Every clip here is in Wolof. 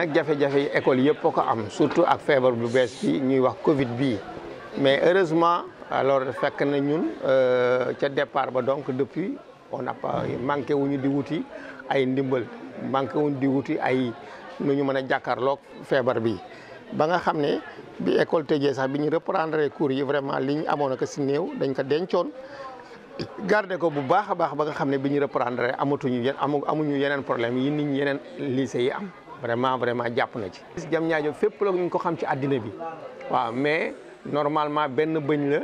nag jafe-jafe yi école yëpp ko am surtout ak feebar bu bees bi ñuy wax Covid bii mais heureusement alors fekk na ñun euh, ca départ ba donc depuis on n'a manqué wuñu di wuti ay ndimbal manqué wuñu di wuti ay nu ñu mën a jàkkaarloog feebar bi ba nga xam ne bi école tëjee sax bi ñu reprendre cours yi vraiment li ñu amoon ak si néew dañ ko dencoon garder ko bu baax a baax ba nga xam ne bi ñu reprendre amatuñu amuñu yeneen problème yi nit ñi yeneen lycée yi am vraiment vraiment jàpp na ci. jam ñaajo fépp la ñu ko xam ci àddina bi waaw mais normalement benn bëñ la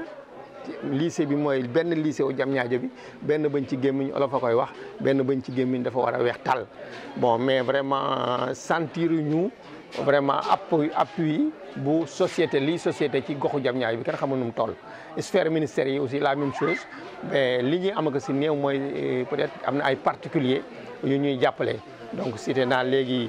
lycée bi mooy benn lycée wu jam ñaajo bi benn bëñ ci gémmiñ olof a koy wax benn bëñ ci gémmiñ dafa war a weex tàll bon mais vraiment euh, sentir ñu vraiment appui appui bu société lii société ci goxu Diamniadio bi kenn xamul nu mu toll sphère ministère yi aussi la même chose mais li ñuy am si néew mooy euh, peut-être am na ay particulier yu ñuy jàppale donc cité naa léegi